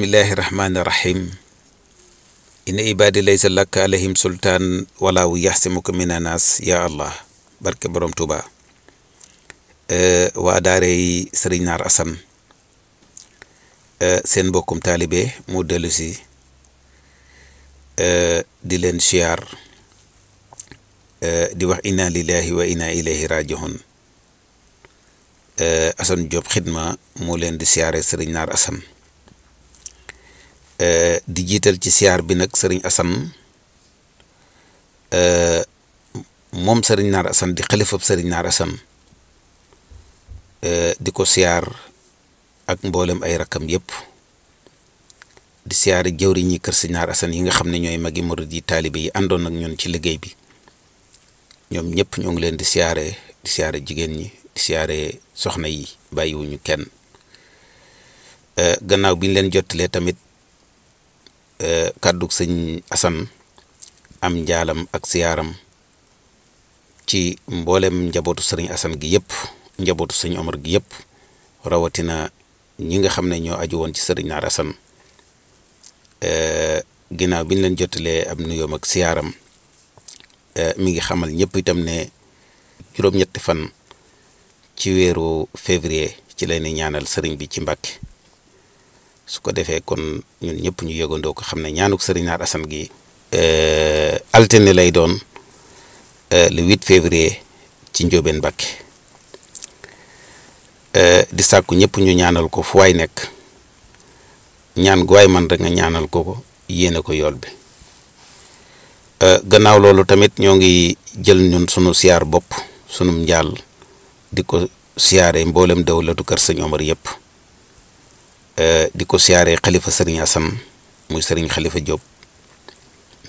bismillahi rahmaani rahim inna ibaadi laysa laka alayhim sultaan walaawu yaxsimuka minanaas ya allah barke borom tuuba eh, waa daarey sëriñ naar asan eh, seen mbokkum taalibe mu dellu eh, di leen siyaar di wax inna lillahi wa inna ilayhi rajiun Assane Diop xidma moo leen di siyaare sëriñ naar asan Eh, di jiital ci siyaar bi nag sëriñ Assane eh, moom sëriñ Naar Assane di xalifab sëriñ Naar Assane eh, di ko siyaar ak mboolem ay rakkam yëpp di siyaari jëwriñ ñi kër sëriñ Naar Assane yi nga xam ne ñooy magi murid yi taalibe yi àndoon ak ñun ci liggéey bi ñoom ñëpp ñoo ngi leen di siyaare di siyaare jigéen ñi di siyaare soxna yi bàyyiwuñu kenn gannaaw bi leen jottalee tamit. Eh, kàddug sëñ asan am njaalam ak siyaaram ci mboolem njabootu sëriñ asan gi yëpp njabootu sëñ omar gi yëpp rawatina ñi nga xam ne ñoo aju ci sëriñ naar asan eh, ginnaaw bi ñu leen jottalee ab nuyoom ak siyaaram eh, mi ngi xamal ñëpp itam ne juróom-ñetti fan ci weeru février ci lay ni ñaanal sëriñ bi ci Mbàkke su ko defee kon ñun ñëpp ñu yëgandoo xam ne ñaanuk sëriñ naar asan gi euh, altine lay doon euh, le 8 février ci Ndiobène Mbacké euh, di sàkku ñëpp ñu ñaanal ko fu waay nekk ñaan gu waay man rek nga ñaanal ko ko yéene ko yool bi gannaaw loolu tamit ñoo ngi jël ñun sunu siyaar bopp sunum njaal di ko siyaaree mboolem dawlatu kër sëñ Omar yëpp Eh, di ko siyaaree xalifa sëriñ Assane muy sëriñ xalifa Diop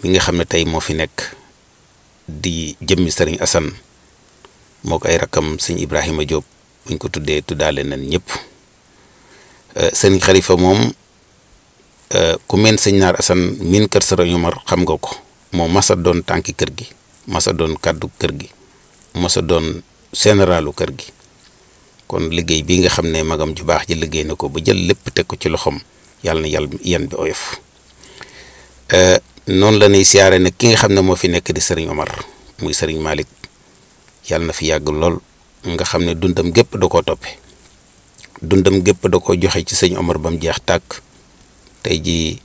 mi nga xam ne tey moo fi nekk di jëmmi sëriñ assan moo ko ay rakkam sëñ Ibrahima Diop buñ ko tuddee tuddaale nañ ñëpp eh, sëriñ xalifa moom eh, ku meen sëñ naar Assane miin kër sëriñ Omar xam nga ko moo masa doon tànki kër gi masa doon kàddu kër gi masa doon généralu kër gi kon liggéey bi nga xam ne magam ju baax ji liggéey na ko ba jël lépp teg ko ci loxoom yàlla na yàlla yan bi oyof euh, noonu la ñuy siyaare nag ki nga xam ne moo fi nekk di sëriñ Omar muy sëriñ malit yàlla na fi yàgg lool nga xam ne dundam gépp da koo toppe dundam gépp da koo joxe ci sëñ Omar ba mu jeex tàkk tey ji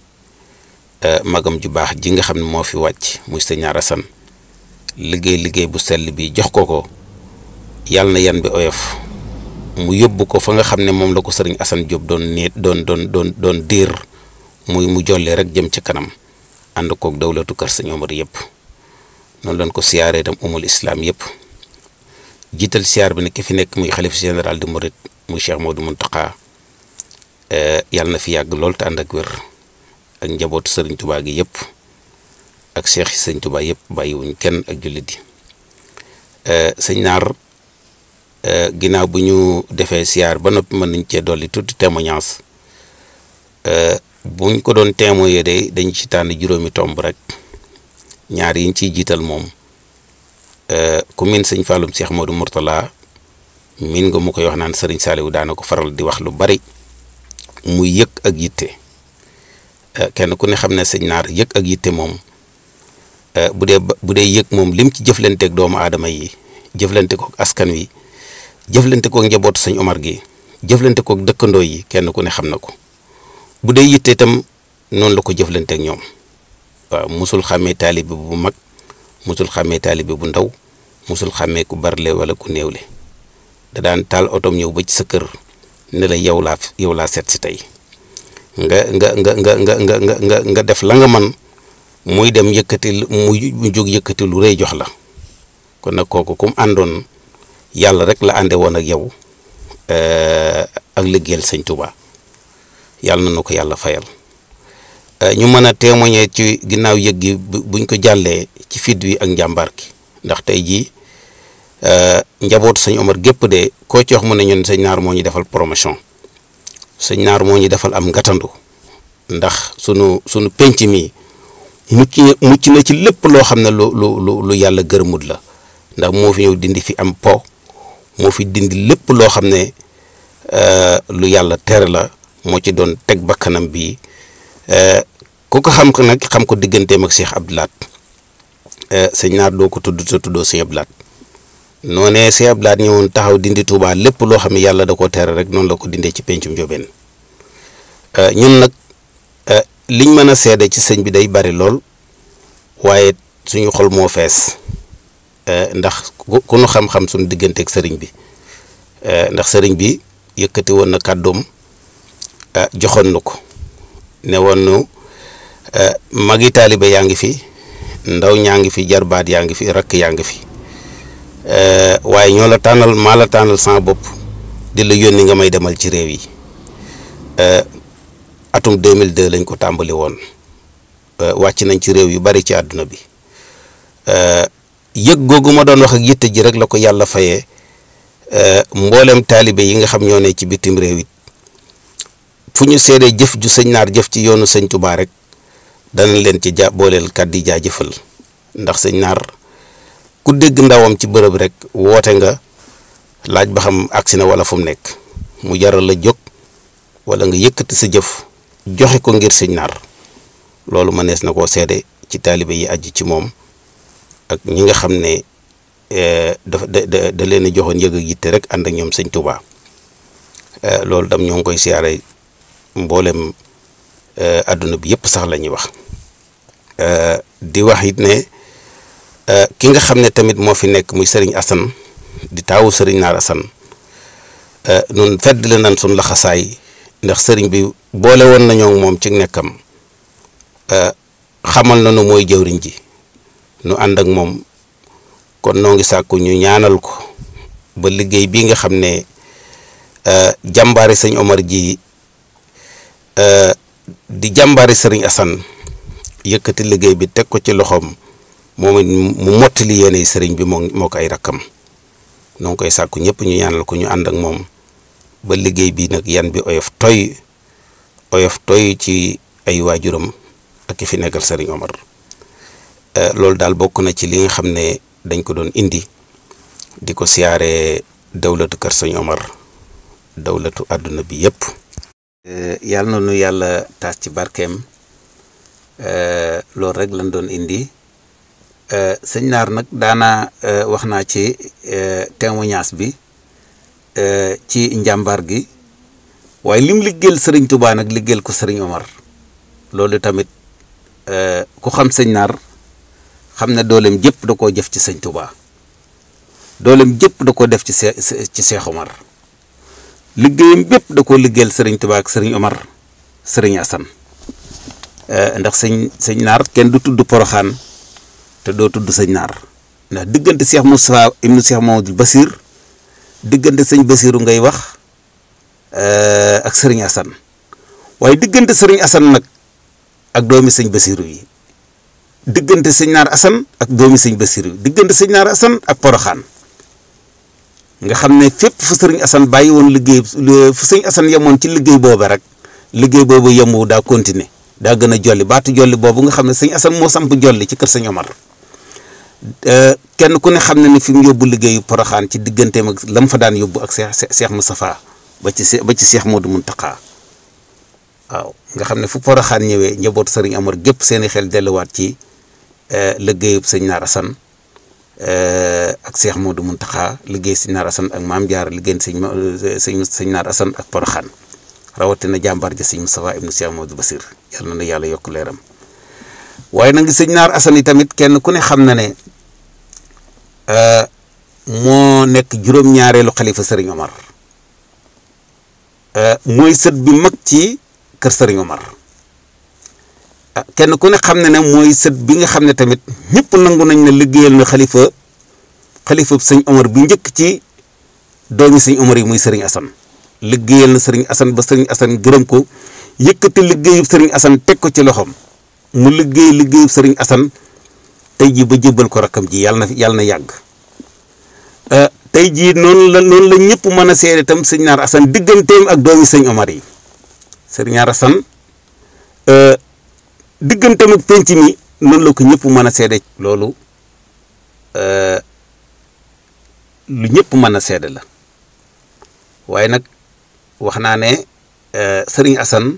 euh, magam ju baax ji nga xam ne moo fi wàcc muy sëñ san liggéey liggéey bu sell bi jox ko ko yàlla na yan bi oyof mu yóbbu ko fa nga xam ne moom la ko sëriñ Assane Diop doon nee doon doon doon doon diir muy mu jolle rek jëm ci kanam ànd koog dawlatu kër sëñ Omar yëpp noonu lañ ko siyaaree tam umul islaam yëpp jiital siyaar bi nag ki fi nekk muy xalif général de Mouride muy Cheikh Modou Mountakha eh, yàlla na fi yàgg lool te ànd ak wér ak njabootu sëriñ Touba gi yëpp ak cheikh yi sëriñ Touba yëpp bàyyiwuñ kenn ak jullit yi eh, sëñ Naar. Euh, ginnaaw bu ñu defee siyaar ba noppi mën nañ cee dolli tuuti témoignage euh, buñ ko doon témoigner de dañ ci tànn juróomi tomb rek ñaar yiñ ciy jiital moom euh, ku min sëñ Fallum Cheikh Modou Mourtala min nga mu koy wax naan sëriñ Saliou daana ko faral di wax lu bari muy yëg ak yitte kenn ku ne xam ne sëñ naar yëg ak yitte moom bu dee bu dee yëg moom lim ci jëflanteeg doomu aadama yi jëflante ko askan wi. jëflante kook njabootu sëñ Omar gi jëflante kook dëkkandoo yi kenn ku ne xam na ko bu dee yitte tam noonu la ko jëflante ak ñoom waaw musul xàmmee taalibe bu mag musul xàmmee taalibe bu ndaw musul xàmmee ku barle wala ku néewle da daan taal otom ñëw ba ci sa kër ne la yow laa yow laa seet si tey nga nga nga nga nga nga nga nga def la nga man muy dem yëkkati mu jóg yëkkati lu rëy jox la kon nag kooku kom àndoon yàlla rek la ànde woon ak yow eh, ak liggéeyal sëñ Touba yàlla na nu ko yàlla fayal eh, ñu mën a témoigner ci ginnaaw yëg gi ko jàllee ci fit wi ak njàmbaar gi ndax tey jii eh, njabootu sëñ Omar gépp de koo ci wax mu ne ñun sëñ Naar moo ñu defal promotion sëñ Naar moo ñu defal am ngatandu ndax sunu sunu penc mi mucc mucc na ci lépp loo xam ne lu lu lu yàlla gërëmut la ndax moo fi dindi fi am po moo fi dindi lépp loo xam ne euh, lu yàlla tere la moo ci doon teg bakkanam bi euh, ku ko xam ko nag xam ko digganteem ak Cheikh Abdou Lahad euh, sëñ naar doo ko tudd te tuddoo sëñ Abdou Lahad noonee Cheikh Abdou Lahad ñëwoon taxaw dindi Touba lépp loo xam ne yàlla da koo tere rek noonu la ko dindee ci pencum Ndiobène ñun nag liñ mën a seede ci sëñ bi day bari lool waaye suñu xol moo fees Eh, ndax ku nu xam-xam suñu digganteeg sëriñ bi eh, ndax sëriñ bi yëkkati woon na kàddoom eh, joxoon nu ko ne woon nu magi taalibe yaa ngi fi ndaw ñaa ngi fi jarbaat yaa ngi fi rakk yaa ngi fi waaye ñoo la tànnal maa la tànnal sama bopp di la yónni nga may demal ci réew yi atum mille 2002 lañ ko tàmbali woon wàcc nañ ci réew yu bari ci àdduna bi yëg googu ma doon wax ak yitte ji rek la ko yàlla fayee euh, mboolem taalibe yi nga xam ñoo ne ci bitim réew it fu ñu seedee jëf ju sëñ naar jëf ci yoonu sëñ Tuubaa rek danañ leen ci ja booleel di jaajëfal ndax sëñ naar ku dégg ndawam ci bërëb rek woote nga laaj ba xam agsi na wala fu mu nekk mu jaral la jóg wala nga yëkkati sa jëf joxe ko ngir sëñ naar loolu mënees na koo seede ci taalibe yi aju ci moom. ak ñi nga xam ne eh, dafa da da leen a joxoon yëg ak yitte rek ànd ak ñoom sëñ Touba eh, loolu tam ñoo ngi koy siyaare mboolem eh, adduna bi yëpp sax la ñuy wax di waxit ne ki nga xam ne tamit moo fi nekk muy Serigne Assane di taawu sëriñ Naar Assane nun fedd la nan sun la xasaay ndax Serigne bi boole woon nañoo moom ci nekkam xamal na nu mooy jëwriñ ji. nu ànd ak moom kon noo ngi sàkku ñu ñaanal ko ba liggéey bii nga xam ne euh, jàmbaari sëñ Omar euh, di jàmbaari sëriñ Assane yëkkati liggéey bi teg ko ci loxoom moom it mu mottali yéene sëriñ bi moo moo rakkam noo koy sàkku ñëpp ñu ñaanal ko ñu ànd ak moom ba liggéey bi nag yan bi oyof toy oyof toy ci ay waajuram ak ki fi nekkal sëriñ Omar Euh, loolu daal bokk na ci li nga xam ne dañ ko doon indi di ko siyaaree dawlatu kër sëñ Omar dawlatu àdduna bi yépp euh, yàlla na nu yàlla taas ci barkeem euh, loolu rek lañ doon indi sëñ naar nag daanaa wax naa ci témoignage bi ci njàmbaar gi waaye lim liggéeyal sëriñ Touba nag liggéeyal ko sëriñ Omar loolu tamit ku xam sëñ naar xam ne dooleem jëpp da koo jëf ci sëñ Touba dooleem da koo def ci ci Cheikh Omar liggéeyam bépp da koo liggéeyal sëriñ Touba ak sëriñ Omar sëriñ Assane eh, ndax sëñ sëñ naar kenn du tudd poroxaan te doo tudd sëñ naar ndax diggante Cheikh Moustapha ibnu Cheikh Mamadou Basir diggante sëñ Basiru ngay wax eh, ak sëriñ Assane waaye diggante sëriñ Assane nag ak doomi sëñ Basiru yi diggante sëñ naar asan ak doomi sëñ basiru diggante sëñ naar asan ak poroxaan nga xam ne fépp fu sëriñ asan bàyyi liggéey fu sëñ asan yemoon ci liggéey booba rek liggéey boobu yemoo daa continuer daa gën a jolli baatu jolli boobu nga xam ne sëñ asan moo samp jolli ci kër sëñ omar euh, kenn ku ne xam ne fi mu yóbbu liggéeyu poroxaan ci digganteem ak la mu fa daan yóbbu ak seex seex Mustafaa ba ci ba ci seex Moodu Muntaxaa waaw nga xam ne fu poroxaan ñëwee njabootu sëriñ Amar gépp seeni xel delluwaat ci Eh, liggéeyub sëñ Naar Assane eh, ak Cheikh Modou Mountakha liggéey sëñ Naar Assane ak maam jaar liggéey sëñ eh, sëñ sëñ Naar Assane ak Porokhane rawatina jàmbaar ja sëñ Moustapha ibnu Cheikh Modou Basir yal na na yàlla yokk leeram waaye nag sëñ Naar Assane yi tamit kenn ku ne xam na ne moo nekk juróom-ñaareelu xalifa Serigne Omar mooy sët bi mag ci kër Serigne Omar. kenn ku ne xam ne ne mooy sët bi nga xam ne tamit ñëpp nangu nañ ne liggéeyal na xalifa xalifa sëñ omor bi njëkk ci doomi sëñ omor yi muy sëriñ Assane liggéeyal na sëriñ Assane ba sëriñ Assane gërëm ko yëkkati liggéeyub sëriñ Assane teg ko ci loxoom mu liggéey liggéeyub sëriñ Assane tey jii ba jébbal ko rakkam ji yàlla na yàlla na yàgg euh, tey jii noonu la noonu la ñëpp mën a seede itam Assane digganteem ak doomi sëñ diggante ak penc mi noonu la ko ñëpp mën a seede loolu euh, lu ñëpp mën a seede la waaye nag wax naa ne euh, sëriñ Assane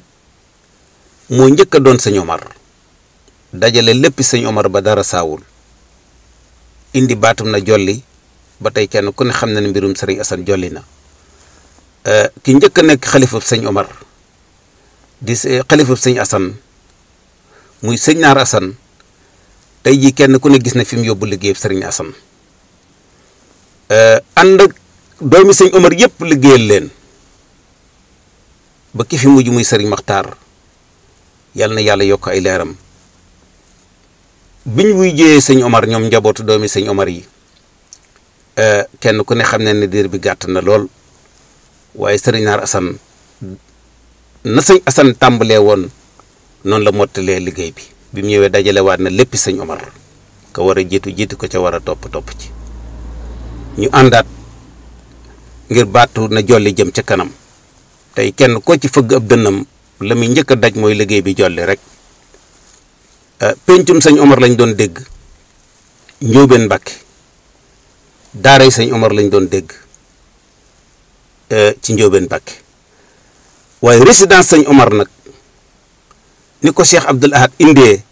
moo njëkk a doon sëñ Omar dajale lépp sëñ Omar ba dara saawul indi baatum na jolli ba tey kenn ku ne xam na ne mbirum sëriñ Assane jolli na euh, ki njëkk nekk xalifab sëñ Omar di xalifab sëñ Assane muy sëñ naar Assane tey jii kenn ku ne gis na fi mu yóbbu liggéey sëriñ Assane eh, ànd ak doomi sëñ Omar yëpp liggéeyal leen ba ki fi mujj muy sëriñ Maxtaar yàlla na yàlla yokk ay leeram biñ wuy jëyee sëñ Omar ñoom njabootu doomi sëñ Omar yi eh, kenn ku ne xam ne ne diir bi gàtt na lool waaye sëriñ naar Assane na sëñ Assane tàmbalee woon. noonu la mottalee liggéey bi bi mu ñëwee dajalewaat na lépp sëñ Omar ka war a jiitu jiitu ko ca war a topp topp ci ñu àndaat ngir baatu na jolli jëm ca kanam tey kenn ko ci fëgg ab dënnam la muy njëkk a daj mooy liggéey bi jolli rek euh, pencum sañ Omar lañ doon dégg njóobeen Mbàkke daaray sëñ Omar lañ doon dégg euh, ci njóobeen Mbàkke waaye résidence sëñ Omar nag. ni ko Cheikh Abdoul Ahad indee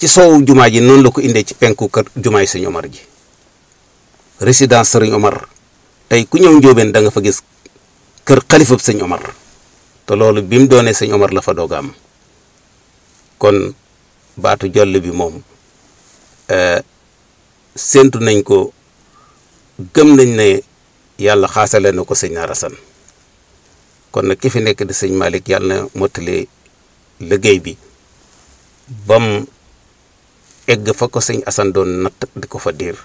ci soowu jumaa ji noonu la ko indee ci penku kër jumaay sëñ Omar ji résidence sëriñ Omar tey ku ñëw njóobeen danga nga fa gis kër xalifab sëñ Omar te loolu bi mu doonee sëñ Omar la fa doog am kon baatu joll bi moom e, séentu nañ ko gëm nañ ne yàlla xaasale na ko sëñ Arasan kon nag ki fi nekk di sëñ malik yàlla na liggéey bi bam egg fa ko sëñ Assane doon natt di ko fa diir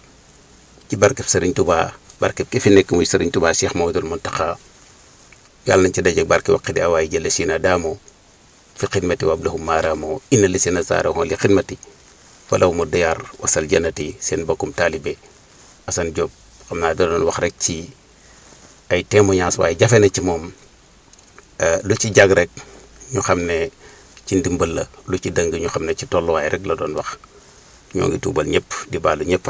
ci barkeb sëriñ Touba barkeb ki fi nekk muy sëriñ Touba Cheikh Mawdul Muntaxa yàlla nañ ci dajeeg barke waqi di waaye jële si na daamoo fi xidmati wablahum maaraamoo inna li seen a saarahon li xidmati walaw mu diyaar wasal janati seen bokkum taalibe Assane Diop xam naa da doon wax rek ci ay témoignage waaye jafe na ci moom euh, lu ci jag rek ñu xam ne ci ndimbal la lu ci dëng ñu xam ne ci tolluwaay rek la doon wax ñoo ngi tuubal ñëpp di baalu ñëpp